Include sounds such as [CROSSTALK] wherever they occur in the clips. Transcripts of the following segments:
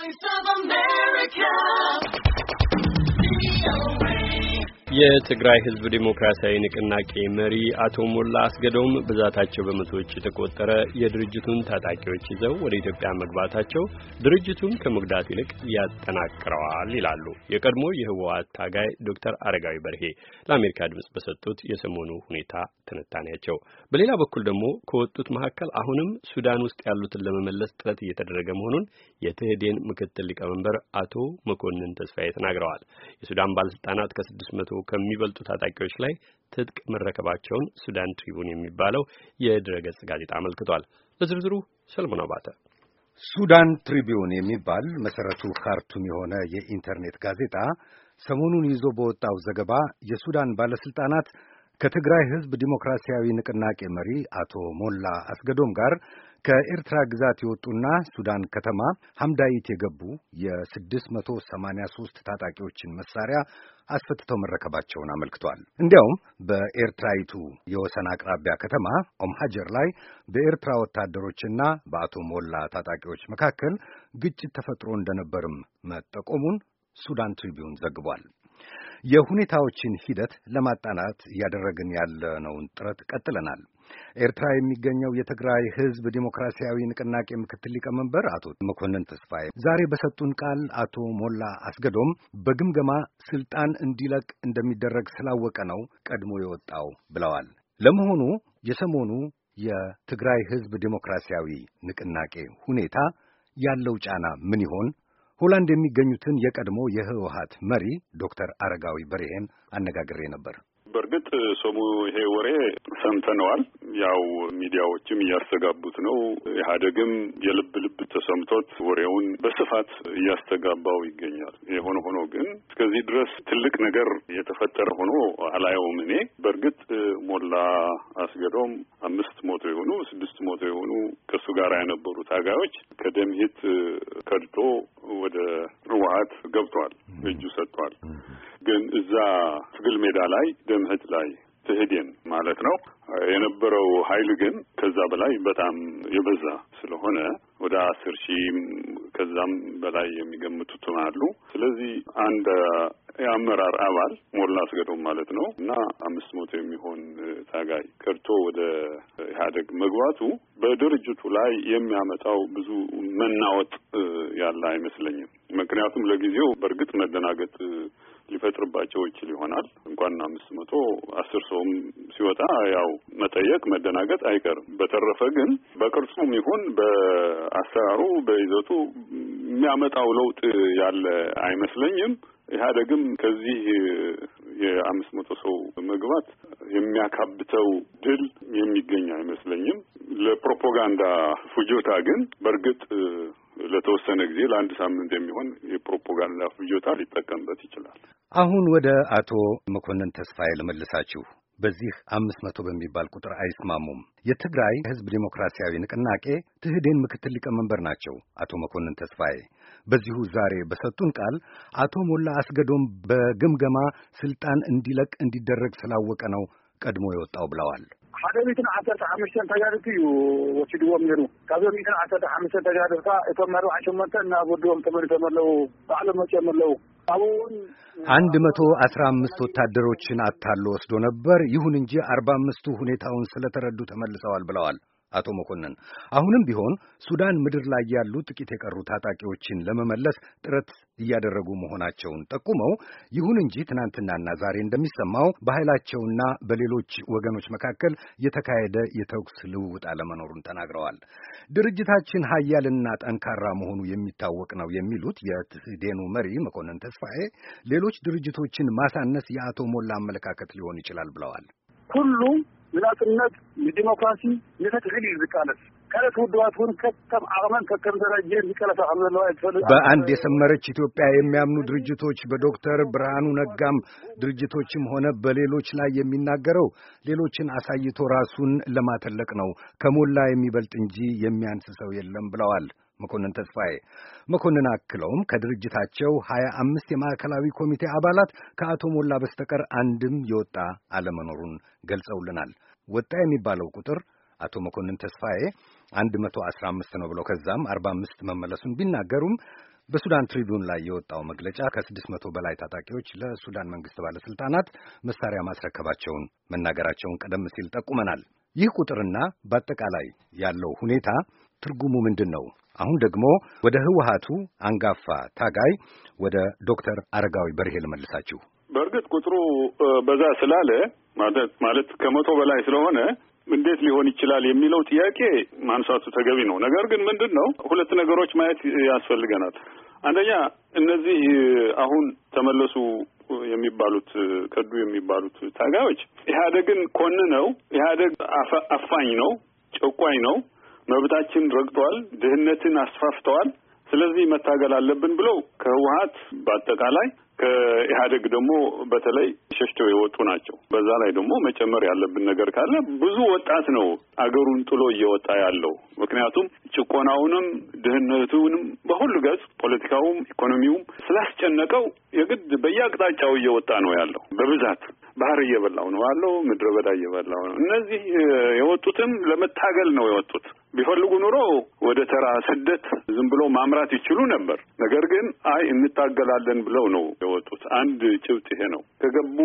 Voice of America. የትግራይ ህዝብ ዴሞክራሲያዊ ንቅናቄ መሪ አቶ ሞላ አስገዶም ብዛታቸው በመቶዎች የተቆጠረ የድርጅቱን ታጣቂዎች ይዘው ወደ ኢትዮጵያ መግባታቸው ድርጅቱን ከመጉዳት ይልቅ ያጠናክረዋል ይላሉ የቀድሞ የህወሓት ታጋይ ዶክተር አረጋዊ በርሄ ለአሜሪካ ድምጽ በሰጡት የሰሞኑ ሁኔታ ትንታኔያቸው። በሌላ በኩል ደግሞ ከወጡት መካከል አሁንም ሱዳን ውስጥ ያሉትን ለመመለስ ጥረት እየተደረገ መሆኑን የትህዴን ምክትል ሊቀመንበር አቶ መኮንን ተስፋዬ ተናግረዋል። የሱዳን ባለስልጣናት ከስድስት መቶ ከሚበልጡ ታጣቂዎች ላይ ትጥቅ መረከባቸውን ሱዳን ትሪቡን የሚባለው የድረገጽ ጋዜጣ አመልክቷል። ለዝርዝሩ ሰለሞን አባተ። ሱዳን ትሪቢዩን የሚባል መሠረቱ ካርቱም የሆነ የኢንተርኔት ጋዜጣ ሰሞኑን ይዞ በወጣው ዘገባ የሱዳን ባለሥልጣናት ከትግራይ ሕዝብ ዲሞክራሲያዊ ንቅናቄ መሪ አቶ ሞላ አስገዶም ጋር ከኤርትራ ግዛት የወጡና ሱዳን ከተማ ሐምዳይት የገቡ የ683 ታጣቂዎችን መሳሪያ አስፈትተው መረከባቸውን አመልክቷል። እንዲያውም በኤርትራይቱ የወሰን አቅራቢያ ከተማ ኦምሃጀር ላይ በኤርትራ ወታደሮችና በአቶ ሞላ ታጣቂዎች መካከል ግጭት ተፈጥሮ እንደነበርም መጠቆሙን ሱዳን ትሪቢዩን ዘግቧል። የሁኔታዎችን ሂደት ለማጣናት እያደረግን ያለነውን ጥረት ቀጥለናል። ኤርትራ የሚገኘው የትግራይ ህዝብ ዲሞክራሲያዊ ንቅናቄ ምክትል ሊቀመንበር አቶ መኮንን ተስፋዬ ዛሬ በሰጡን ቃል አቶ ሞላ አስገዶም በግምገማ ስልጣን እንዲለቅ እንደሚደረግ ስላወቀ ነው ቀድሞ የወጣው ብለዋል። ለመሆኑ የሰሞኑ የትግራይ ህዝብ ዲሞክራሲያዊ ንቅናቄ ሁኔታ ያለው ጫና ምን ይሆን? ሆላንድ የሚገኙትን የቀድሞ የህወሀት መሪ ዶክተር አረጋዊ በርሄን አነጋግሬ ነበር። በእርግጥ ሰሙ ይሄ ወሬ ሰምተነዋል። ያው ሚዲያዎችም እያስተጋቡት ነው። ኢህአዴግም የልብ ልብ ተሰምቶት ወሬውን በስፋት እያስተጋባው ይገኛል። የሆነ ሆኖ ግን እስከዚህ ድረስ ትልቅ ነገር የተፈጠረ ሆኖ አላየውም። እኔ በእርግጥ ሞላ አስገዶም አምስት ሞቶ የሆኑ ስድስት ሞቶ የሆኑ ከእሱ ጋር የነበሩ ታጋዮች ከደምሂት ከድቶ ወደ ህወሀት ገብቷል፣ እጁ ሰጥቷል። ግን እዛ ትግል ሜዳ ላይ ደምህት ላይ ትህዴን ማለት ነው። የነበረው ኃይል ግን ከዛ በላይ በጣም የበዛ ስለሆነ ወደ አስር ሺህ ከዛም በላይ የሚገምቱትም አሉ። ስለዚህ አንድ የአመራር አባል ሞላ አስገዶም ማለት ነው እና አምስት መቶ የሚሆን ታጋይ ከድቶ ወደ ኢህአደግ መግባቱ በድርጅቱ ላይ የሚያመጣው ብዙ መናወጥ ያለ አይመስለኝም። ምክንያቱም ለጊዜው በእርግጥ መደናገጥ ሊፈጥርባቸው ይችል ይሆናል። እንኳን አምስት መቶ አስር ሰውም ሲወጣ ያው መጠየቅ መደናገጥ አይቀርም። በተረፈ ግን በቅርጹም ይሁን በአሰራሩ በይዘቱ የሚያመጣው ለውጥ ያለ አይመስለኝም። ኢህአደግም ከዚህ የአምስት መቶ ሰው መግባት የሚያካብተው ድል የሚገኝ አይመስለኝም። ለፕሮፓጋንዳ ፍጆታ ግን በእርግጥ ለተወሰነ ጊዜ ለአንድ ሳምንት የሚሆን የፕሮፓጋንዳ ፍጆታ ሊጠቀምበት ይችላል። አሁን ወደ አቶ መኮንን ተስፋዬ ልመልሳችሁ። በዚህ አምስት መቶ በሚባል ቁጥር አይስማሙም። የትግራይ ህዝብ ዴሞክራሲያዊ ንቅናቄ ትህዴን ምክትል ሊቀመንበር ናቸው አቶ መኮንን ተስፋዬ። በዚሁ ዛሬ በሰጡን ቃል አቶ ሞላ አስገዶም በግምገማ ስልጣን እንዲለቅ እንዲደረግ ስላወቀ ነው ቀድሞ የወጣው ብለዋል። ሓደ ሚትን ዓሰርተ ሓሙሽተን ተጋድልቲ እዩ ወሲድዎም ነይሩ ካብዞም ሚትን ዓሰርተ ሓሙሽተን ተጋድልካ እቶም ኣርብዓ ሸመንተ ናብ ወድቦም ተመሊሶም ኣለዉ ባዕሎም መፅኦም ኣለዉ ኣብኡ አንድ መቶ አስራ አምስት ወታደሮችን አታሎ ወስዶ ነበር። ይሁን እንጂ አርባ አምስቱ ሁኔታውን ስለተረዱ ተመልሰዋል ብለዋል። አቶ መኮንን አሁንም ቢሆን ሱዳን ምድር ላይ ያሉ ጥቂት የቀሩ ታጣቂዎችን ለመመለስ ጥረት እያደረጉ መሆናቸውን ጠቁመው፣ ይሁን እንጂ ትናንትናና ዛሬ እንደሚሰማው በኃይላቸውና በሌሎች ወገኖች መካከል የተካሄደ የተኩስ ልውውጥ አለመኖሩን ተናግረዋል። ድርጅታችን ሀያልና ጠንካራ መሆኑ የሚታወቅ ነው የሚሉት የትህዴኑ መሪ መኮንን ተስፋዬ ሌሎች ድርጅቶችን ማሳነስ የአቶ ሞላ አመለካከት ሊሆን ይችላል ብለዋል። ሁሉም የላቅነት የዲሞክራሲ የትክክል ይዝቃለስ በአንድ የሰመረች ኢትዮጵያ የሚያምኑ ድርጅቶች በዶክተር ብርሃኑ ነጋም ድርጅቶችም ሆነ በሌሎች ላይ የሚናገረው ሌሎችን አሳይቶ ራሱን ለማተለቅ ነው። ከሞላ የሚበልጥ እንጂ የሚያንስ ሰው የለም ብለዋል። መኮንን ተስፋዬ። መኮንን አክለውም ከድርጅታቸው ሀያ አምስት የማዕከላዊ ኮሚቴ አባላት ከአቶ ሞላ በስተቀር አንድም የወጣ አለመኖሩን ገልጸውልናል። ወጣ የሚባለው ቁጥር አቶ መኮንን ተስፋዬ አንድ መቶ አስራ አምስት ነው ብለው ከዛም አርባ አምስት መመለሱን ቢናገሩም በሱዳን ትሪቢዩን ላይ የወጣው መግለጫ ከስድስት መቶ በላይ ታጣቂዎች ለሱዳን መንግስት ባለስልጣናት መሳሪያ ማስረከባቸውን መናገራቸውን ቀደም ሲል ጠቁመናል። ይህ ቁጥርና በአጠቃላይ ያለው ሁኔታ ትርጉሙ ምንድን ነው? አሁን ደግሞ ወደ ህወሀቱ አንጋፋ ታጋይ ወደ ዶክተር አረጋዊ በርሄ ልመልሳችሁ። በእርግጥ ቁጥሩ በዛ ስላለ ማለት ማለት ከመቶ በላይ ስለሆነ እንዴት ሊሆን ይችላል የሚለው ጥያቄ ማንሳቱ ተገቢ ነው። ነገር ግን ምንድን ነው ሁለት ነገሮች ማየት ያስፈልገናል። አንደኛ እነዚህ አሁን ተመለሱ የሚባሉት ከዱ የሚባሉት ታጋዮች ኮን ነው ኢህአደግ አፋኝ ነው፣ ጨቋኝ ነው መብታችን ረግጠዋል፣ ድህነትን አስፋፍተዋል። ስለዚህ መታገል አለብን ብለው ከህወሀት በአጠቃላይ ከኢህአደግ ደግሞ በተለይ ሸሽተው የወጡ ናቸው። በዛ ላይ ደግሞ መጨመር ያለብን ነገር ካለ ብዙ ወጣት ነው አገሩን ጥሎ እየወጣ ያለው። ምክንያቱም ጭቆናውንም ድህነቱንም በሁሉ ገጽ ፖለቲካውም ኢኮኖሚውም ስላስጨነቀው የግድ በየአቅጣጫው እየወጣ ነው ያለው በብዛት ባህር እየበላው ነው ያለው፣ ምድረ በዳ እየበላው ነው። እነዚህ የወጡትም ለመታገል ነው የወጡት። ቢፈልጉ ኑሮ ወደ ተራ ስደት ዝም ብሎ ማምራት ይችሉ ነበር። ነገር ግን አይ እንታገላለን ብለው ነው የወጡት። አንድ ጭብጥ ይሄ ነው። ከገቡ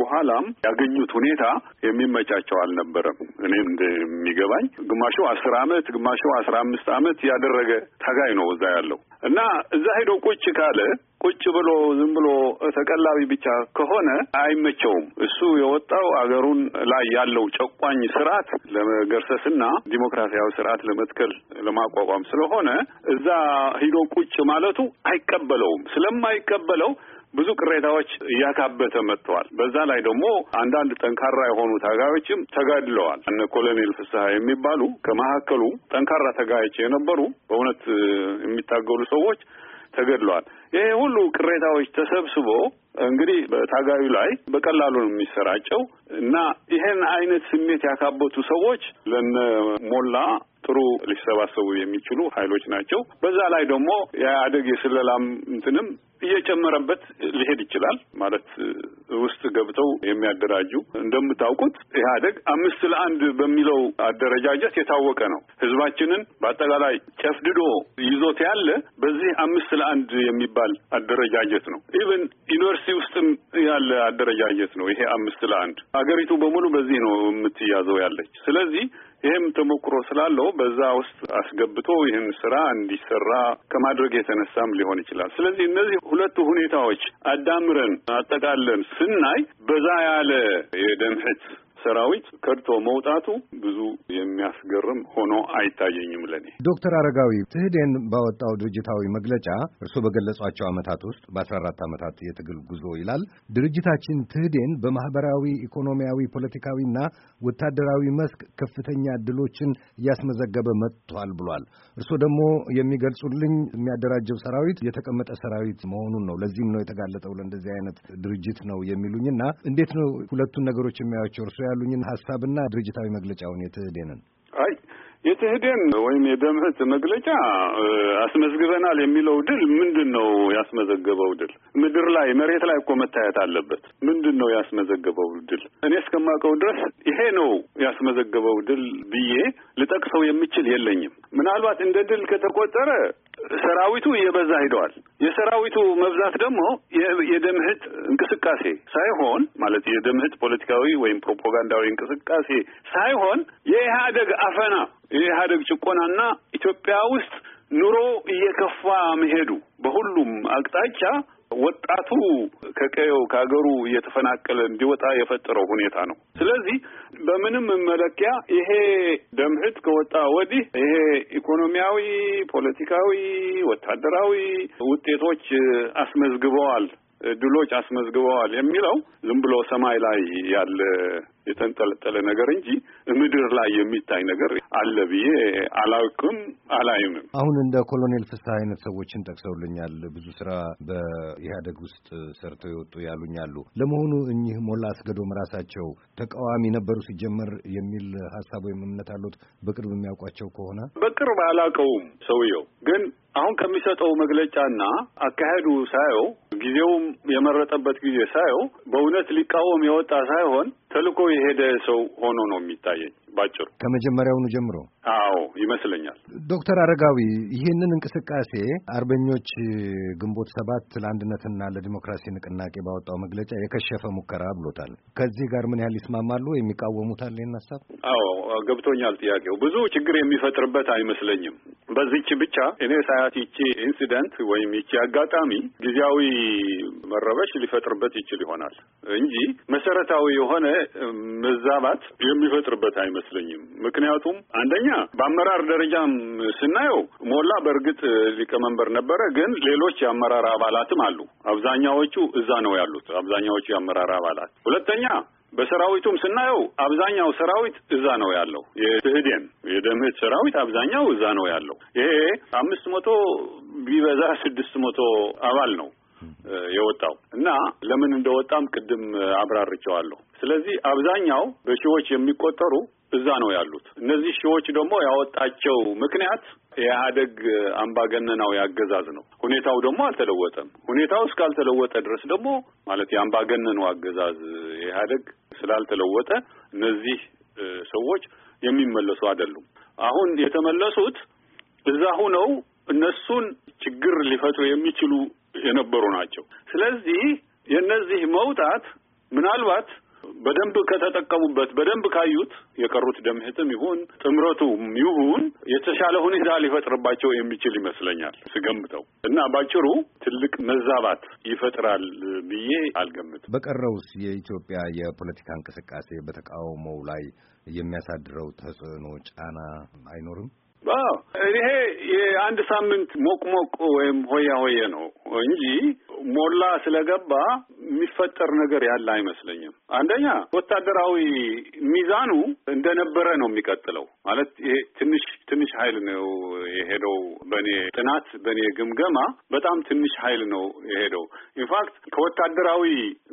በኋላም ያገኙት ሁኔታ የሚመቻቸው አልነበረም። እኔ እንደሚገባኝ ግማሹ አስር አመት ግማሹ አስራ አምስት አመት ያደረገ ታጋይ ነው እዛ ያለው እና እዛ ሄዶ ቁጭ ካለ ቁጭ ብሎ ዝም ብሎ ተቀላቢ ብቻ ከሆነ አይመቸውም። እሱ የወጣው አገሩን ላይ ያለው ጨቋኝ ስርዓት ለመገርሰስና ዲሞክራሲያዊ ስርዓት ለመትከል ለማቋቋም ስለሆነ እዛ ሂዶ ቁጭ ማለቱ አይቀበለውም። ስለማይቀበለው ብዙ ቅሬታዎች እያካበተ መጥተዋል። በዛ ላይ ደግሞ አንዳንድ ጠንካራ የሆኑ ታጋዮችም ተጋድለዋል። እነ ኮሎኔል ፍስሀ የሚባሉ ከመካከሉ ጠንካራ ተጋዮች የነበሩ በእውነት የሚታገሉ ሰዎች ተገድለዋል። ይሄ ሁሉ ቅሬታዎች ተሰብስቦ እንግዲህ በታጋዩ ላይ በቀላሉ ነው የሚሰራጨው እና ይሄን አይነት ስሜት ያካበቱ ሰዎች ለነ ሞላ ጥሩ ሊሰባሰቡ የሚችሉ ኃይሎች ናቸው። በዛ ላይ ደግሞ የአደግ የስለላም እንትንም እየጨመረበት ሊሄድ ይችላል። ማለት ውስጥ ገብተው የሚያደራጁ እንደምታውቁት ኢህአደግ አምስት ለአንድ በሚለው አደረጃጀት የታወቀ ነው። ህዝባችንን በአጠቃላይ ጨፍድዶ ይዞት ያለ በዚህ አምስት ለአንድ የሚባል አደረጃጀት ነው። ኢቨን ዩኒቨርሲቲ ውስጥም ያለ አደረጃጀት ነው። ይሄ አምስት ለአንድ አገሪቱ በሙሉ በዚህ ነው የምትያዘው ያለች። ስለዚህ ይህም ተሞክሮ ስላለው በዛ ውስጥ አስገብቶ ይህን ስራ እንዲሰራ ከማድረግ የተነሳም ሊሆን ይችላል። ስለዚህ እነዚህ ሁለቱ ሁኔታዎች አዳምረን አጠቃለን ስናይ በዛ ያለ የደምህት ሰራዊት ከድቶ መውጣቱ ብዙ የሚያስገርም ሆኖ አይታየኝም ለኔ። ዶክተር አረጋዊ ትህዴን ባወጣው ድርጅታዊ መግለጫ እርስዎ በገለጿቸው ዓመታት ውስጥ በአስራ አራት ዓመታት የትግል ጉዞ ይላል ድርጅታችን ትህዴን በማህበራዊ ኢኮኖሚያዊ፣ ፖለቲካዊና ወታደራዊ መስክ ከፍተኛ ድሎችን እያስመዘገበ መጥቷል ብሏል። እርስዎ ደግሞ የሚገልጹልኝ የሚያደራጀው ሰራዊት የተቀመጠ ሰራዊት መሆኑን ነው። ለዚህም ነው የተጋለጠው ለእንደዚህ አይነት ድርጅት ነው የሚሉኝና እንዴት ነው ሁለቱን ነገሮች የሚያዩቸው እርስዎ ያሉኝን ሀሳብና ድርጅታዊ መግለጫውን የትህዴንን አይ የትህደን ወይም የደምህት መግለጫ አስመዝግበናል የሚለው ድል ምንድን ነው ያስመዘገበው ድል? ምድር ላይ መሬት ላይ እኮ መታየት አለበት። ምንድን ነው ያስመዘገበው ድል? እኔ እስከማውቀው ድረስ ይሄ ነው ያስመዘገበው ድል ብዬ ልጠቅሰው የሚችል የለኝም። ምናልባት እንደ ድል ከተቆጠረ ሰራዊቱ እየበዛ ሂደዋል። የሰራዊቱ መብዛት ደግሞ የደምህት እንቅስቃሴ ሳይሆን ማለት የደምህት ፖለቲካዊ ወይም ፕሮፓጋንዳዊ እንቅስቃሴ ሳይሆን የኢህአደግ አፈና የኢህአደግ ጭቆናና ኢትዮጵያ ውስጥ ኑሮ እየከፋ መሄዱ በሁሉም አቅጣጫ ወጣቱ ከቀየው ከሀገሩ እየተፈናቀለ እንዲወጣ የፈጠረው ሁኔታ ነው። ስለዚህ በምንም መለኪያ ይሄ ደምህት ከወጣ ወዲህ ይሄ ኢኮኖሚያዊ፣ ፖለቲካዊ፣ ወታደራዊ ውጤቶች አስመዝግበዋል፣ ድሎች አስመዝግበዋል የሚለው ዝም ብሎ ሰማይ ላይ ያለ የተንጠለጠለ ነገር እንጂ ምድር ላይ የሚታይ ነገር አለ ብዬ አላውቅም፣ አላይምም። አሁን እንደ ኮሎኔል ፍስሐ አይነት ሰዎችን ጠቅሰውልኛል። ብዙ ስራ በኢህአደግ ውስጥ ሰርተው የወጡ ያሉኛሉ። ለመሆኑ እኚህ ሞላ አስገዶም ራሳቸው ተቃዋሚ ነበሩ ሲጀመር የሚል ሀሳብ ወይም እምነት አሉት? በቅርብ የሚያውቋቸው ከሆነ በቅርብ አላውቀውም። ሰውየው ግን አሁን ከሚሰጠው መግለጫና አካሄዱ ሳየው ጊዜውም የመረጠበት ጊዜ ሳየው በእውነት ሊቃወም የወጣ ሳይሆን ተልኮ የሄደ ሰው ሆኖ ነው የሚታየኝ። ባጭሩ ከመጀመሪያውኑ ጀምሮ። አዎ ይመስለኛል። ዶክተር አረጋዊ ይህንን እንቅስቃሴ አርበኞች ግንቦት ሰባት ለአንድነትና ለዲሞክራሲ ንቅናቄ ባወጣው መግለጫ የከሸፈ ሙከራ ብሎታል። ከዚህ ጋር ምን ያህል ይስማማሉ? የሚቃወሙታል? ይህን ሀሳብ አዎ ገብቶኛል። ጥያቄው ብዙ ችግር የሚፈጥርበት አይመስለኝም። በዚች ብቻ እኔ ሳያት ይቺ ኢንሲደንት ወይም ይቺ አጋጣሚ ጊዜያዊ መረበሽ ሊፈጥርበት ይችል ይሆናል እንጂ መሰረታዊ የሆነ መዛባት የሚፈጥርበት አይመስለኝም። አይመስለኝም። ምክንያቱም አንደኛ በአመራር ደረጃም ስናየው ሞላ በእርግጥ ሊቀመንበር ነበረ፣ ግን ሌሎች የአመራር አባላትም አሉ። አብዛኛዎቹ እዛ ነው ያሉት፣ አብዛኛዎቹ የአመራር አባላት። ሁለተኛ በሰራዊቱም ስናየው አብዛኛው ሰራዊት እዛ ነው ያለው። የትህዴን የደምህት ሰራዊት አብዛኛው እዛ ነው ያለው። ይሄ አምስት መቶ ቢበዛ ስድስት መቶ አባል ነው የወጣው እና ለምን እንደወጣም ቅድም አብራርቸዋለሁ። ስለዚህ አብዛኛው በሺዎች የሚቆጠሩ እዛ ነው ያሉት። እነዚህ ሺዎች ደግሞ ያወጣቸው ምክንያት የኢህአደግ አምባገነናዊ አገዛዝ ነው። ሁኔታው ደግሞ አልተለወጠም። ሁኔታው እስካልተለወጠ ድረስ ደግሞ ማለት የአምባገነኑ አገዛዝ የኢህአደግ ስላልተለወጠ እነዚህ ሰዎች የሚመለሱ አይደሉም። አሁን የተመለሱት እዛ ሁነው እነሱን ችግር ሊፈቱ የሚችሉ የነበሩ ናቸው። ስለዚህ የእነዚህ መውጣት ምናልባት በደንብ ከተጠቀሙበት በደንብ ካዩት የቀሩት ደምህትም ይሁን ጥምረቱም ይሁን የተሻለ ሁኔታ ሊፈጥርባቸው የሚችል ይመስለኛል ስገምተው እና ባጭሩ ትልቅ መዛባት ይፈጥራል ብዬ አልገምትም። በቀረውስ የኢትዮጵያ የፖለቲካ እንቅስቃሴ በተቃውሞው ላይ የሚያሳድረው ተጽዕኖ ጫና አይኖርም። ይሄ የአንድ ሳምንት ሞቅ ሞቅ ወይም ሆያ ሆየ ነው እንጂ ሞላ ስለገባ የሚፈጠር ነገር ያለ አይመስለኝም። አንደኛ ወታደራዊ ሚዛኑ እንደነበረ ነው የሚቀጥለው። ማለት ይሄ ትንሽ ትንሽ ኃይል ነው የሄደው። በእኔ ጥናት፣ በእኔ ግምገማ በጣም ትንሽ ኃይል ነው የሄደው። ኢንፋክት ከወታደራዊ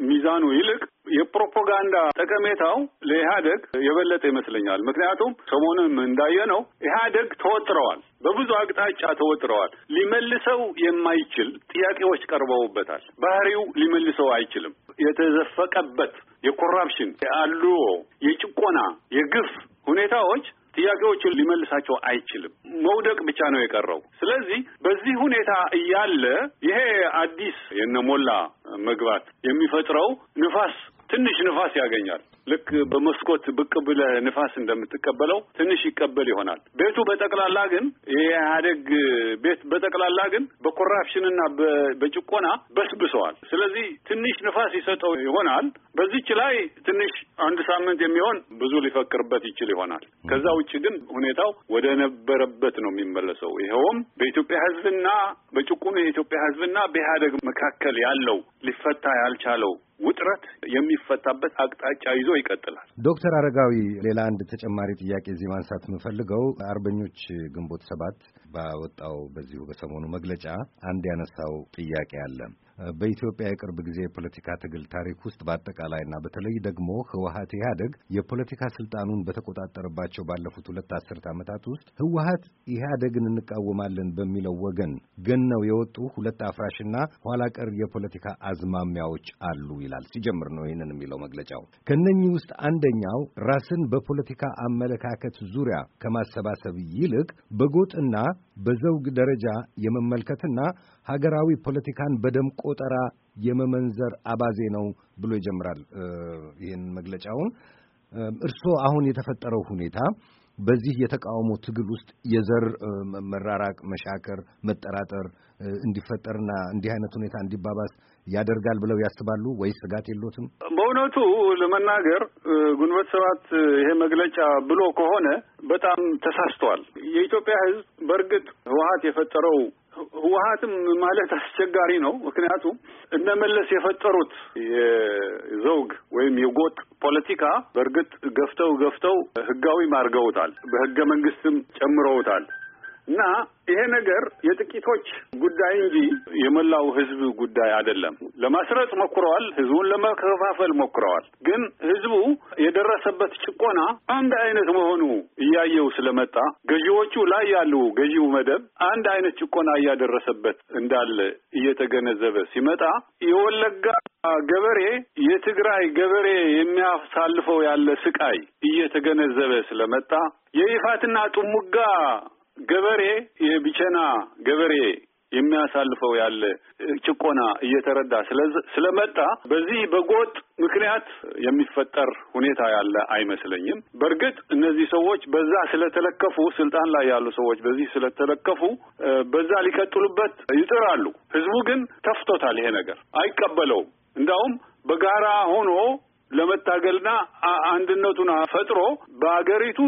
ሚዛኑ ይልቅ የፕሮፓጋንዳ ጠቀሜታው ለኢህአደግ የበለጠ ይመስለኛል። ምክንያቱም እንዳየ እንዳየነው ኢህአደግ ተወጥረዋል፣ በብዙ አቅጣጫ ተወጥረዋል። ሊመልሰው የማይችል ጥያቄዎች ቀርበውበታል። ባህሪው ሊመልሰው አይችልም። የተዘፈቀበት የኮራፕሽን የአድልዎ፣ የጭቆና፣ የግፍ ሁኔታዎች ጥያቄዎቹን ሊመልሳቸው አይችልም። መውደቅ ብቻ ነው የቀረው። ስለዚህ በዚህ ሁኔታ እያለ ይሄ አዲስ የነሞላ መግባት የሚፈጥረው ንፋስ ትንሽ ንፋስ ያገኛል። ልክ በመስኮት ብቅ ብለህ ንፋስ እንደምትቀበለው ትንሽ ይቀበል ይሆናል። ቤቱ በጠቅላላ ግን የኢህአዴግ ቤት በጠቅላላ ግን በኮራፕሽንና በጭቆና በስብሰዋል። ስለዚህ ትንሽ ንፋስ ይሰጠው ይሆናል። በዚች ላይ ትንሽ አንድ ሳምንት የሚሆን ብዙ ሊፈክርበት ይችል ይሆናል። ከዛ ውጭ ግን ሁኔታው ወደ ነበረበት ነው የሚመለሰው። ይኸውም በኢትዮጵያ ህዝብና በጭቁኑ የኢትዮጵያ ህዝብና በኢህአዴግ መካከል ያለው ሊፈታ ያልቻለው ውጥረት የሚፈታበት አቅጣጫ ይዞ ይቀጥላል። ዶክተር አረጋዊ ሌላ አንድ ተጨማሪ ጥያቄ እዚህ ማንሳት የምፈልገው አርበኞች ግንቦት ሰባት ባወጣው በዚሁ በሰሞኑ መግለጫ አንድ ያነሳው ጥያቄ አለ። በኢትዮጵያ የቅርብ ጊዜ የፖለቲካ ትግል ታሪክ ውስጥ በአጠቃላይና በተለይ ደግሞ ህወሀት ኢህአደግ የፖለቲካ ስልጣኑን በተቆጣጠረባቸው ባለፉት ሁለት አስርት ዓመታት ውስጥ ህወሀት ኢህአደግን እንቃወማለን በሚለው ወገን ገነው የወጡ ሁለት አፍራሽና ኋላ ቀር የፖለቲካ አዝማሚያዎች አሉ ይላል። ሲጀምር ነው ይህንን የሚለው መግለጫው። ከነኚህ ውስጥ አንደኛው ራስን በፖለቲካ አመለካከት ዙሪያ ከማሰባሰብ ይልቅ በጎጥና በዘውግ ደረጃ የመመልከትና ሀገራዊ ፖለቲካን በደም ቆጠራ የመመንዘር አባዜ ነው ብሎ ይጀምራል ይህን መግለጫውን። እርስዎ አሁን የተፈጠረው ሁኔታ በዚህ የተቃውሞ ትግል ውስጥ የዘር መራራቅ፣ መሻከር፣ መጠራጠር እንዲፈጠርና እንዲህ አይነት ሁኔታ እንዲባባስ ያደርጋል ብለው ያስባሉ ወይስ ስጋት የሎትም? በእውነቱ ለመናገር ግንቦት ሰባት ይሄ መግለጫ ብሎ ከሆነ በጣም ተሳስተዋል። የኢትዮጵያ ሕዝብ በእርግጥ ህወሀት የፈጠረው ህወሀትም ማለት አስቸጋሪ ነው። ምክንያቱም እነ መለስ የፈጠሩት የዘውግ ወይም የጎጥ ፖለቲካ በእርግጥ ገፍተው ገፍተው ህጋዊም አድርገውታል፣ በህገ መንግስትም ጨምረውታል። እና ይሄ ነገር የጥቂቶች ጉዳይ እንጂ የመላው ህዝብ ጉዳይ አይደለም። ለማስረጽ ሞክረዋል፣ ህዝቡን ለመከፋፈል ሞክረዋል። ግን ህዝቡ የደረሰበት ጭቆና አንድ አይነት መሆኑ እያየው ስለመጣ ገዢዎቹ ላይ ያሉ ገዢው መደብ አንድ አይነት ጭቆና እያደረሰበት እንዳለ እየተገነዘበ ሲመጣ የወለጋ ገበሬ የትግራይ ገበሬ የሚያሳልፈው ያለ ስቃይ እየተገነዘበ ስለመጣ የይፋትና ጥሙጋ ገበሬ የቢቸና ገበሬ የሚያሳልፈው ያለ ጭቆና እየተረዳ ስለመጣ በዚህ በጎጥ ምክንያት የሚፈጠር ሁኔታ ያለ አይመስለኝም። በእርግጥ እነዚህ ሰዎች በዛ ስለተለከፉ፣ ስልጣን ላይ ያሉ ሰዎች በዚህ ስለተለከፉ በዛ ሊቀጥሉበት ይጥራሉ። ህዝቡ ግን ተፍቶታል። ይሄ ነገር አይቀበለውም። እንዳውም በጋራ ሆኖ ለመታገልና አንድነቱን ፈጥሮ በሀገሪቱ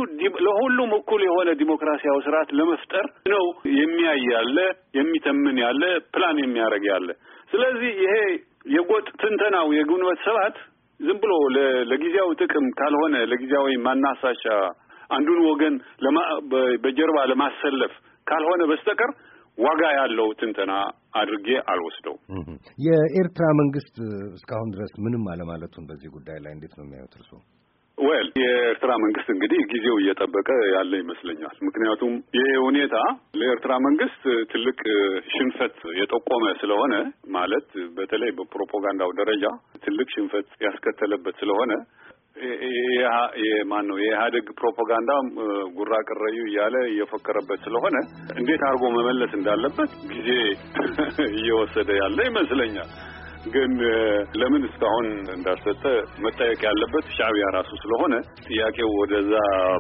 ለሁሉም እኩል የሆነ ዲሞክራሲያዊ ስርዓት ለመፍጠር ነው የሚያይ ያለ የሚተምን ያለ ፕላን የሚያደርግ ያለ። ስለዚህ ይሄ የጎጥ ትንተናው የግንቦት ሰባት ዝም ብሎ ለጊዜያዊ ጥቅም ካልሆነ ለጊዜያዊ ማናሳሻ አንዱን ወገን በጀርባ ለማሰለፍ ካልሆነ በስተቀር ዋጋ ያለው ትንተና አድርጌ አልወስደው። የኤርትራ መንግስት እስካሁን ድረስ ምንም አለማለቱን በዚህ ጉዳይ ላይ እንዴት ነው የሚያዩት እርስዎ? ወል የኤርትራ መንግስት እንግዲህ ጊዜው እየጠበቀ ያለ ይመስለኛል። ምክንያቱም ይህ ሁኔታ ለኤርትራ መንግስት ትልቅ ሽንፈት የጠቆመ ስለሆነ ማለት በተለይ በፕሮፓጋንዳው ደረጃ ትልቅ ሽንፈት ያስከተለበት ስለሆነ ማን ነው የኢህአዴግ ፕሮፓጋንዳ ጉራ ቅረዩ እያለ እየፎከረበት ስለሆነ እንዴት አድርጎ መመለስ እንዳለበት ጊዜ [LAUGHS] እየወሰደ ያለ ይመስለኛል። ግን ለምን እስካሁን እንዳሰጠ መጠየቅ ያለበት ሻቢያ ራሱ ስለሆነ ጥያቄው ወደዛ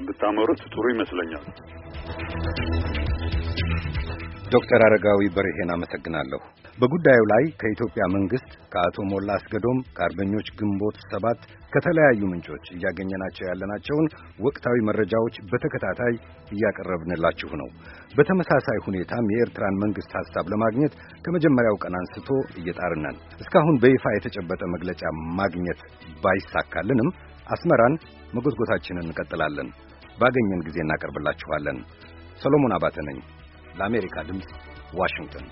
ብታመሩት ጥሩ ይመስለኛል። ዶክተር አረጋዊ በርሄን አመሰግናለሁ። በጉዳዩ ላይ ከኢትዮጵያ መንግስት፣ ከአቶ ሞላ አስገዶም፣ ከአርበኞች ግንቦት ሰባት ከተለያዩ ምንጮች እያገኘናቸው ያለናቸውን ወቅታዊ መረጃዎች በተከታታይ እያቀረብንላችሁ ነው። በተመሳሳይ ሁኔታም የኤርትራን መንግስት ሐሳብ ለማግኘት ከመጀመሪያው ቀን አንስቶ እየጣርን እስካሁን በይፋ የተጨበጠ መግለጫ ማግኘት ባይሳካልንም አስመራን መጎዝጎታችንን እንቀጥላለን። ባገኘን ጊዜ እናቀርብላችኋለን። ሰሎሞን አባተ ነኝ። ለአሜሪካ ድምፅ ዋሽንግተን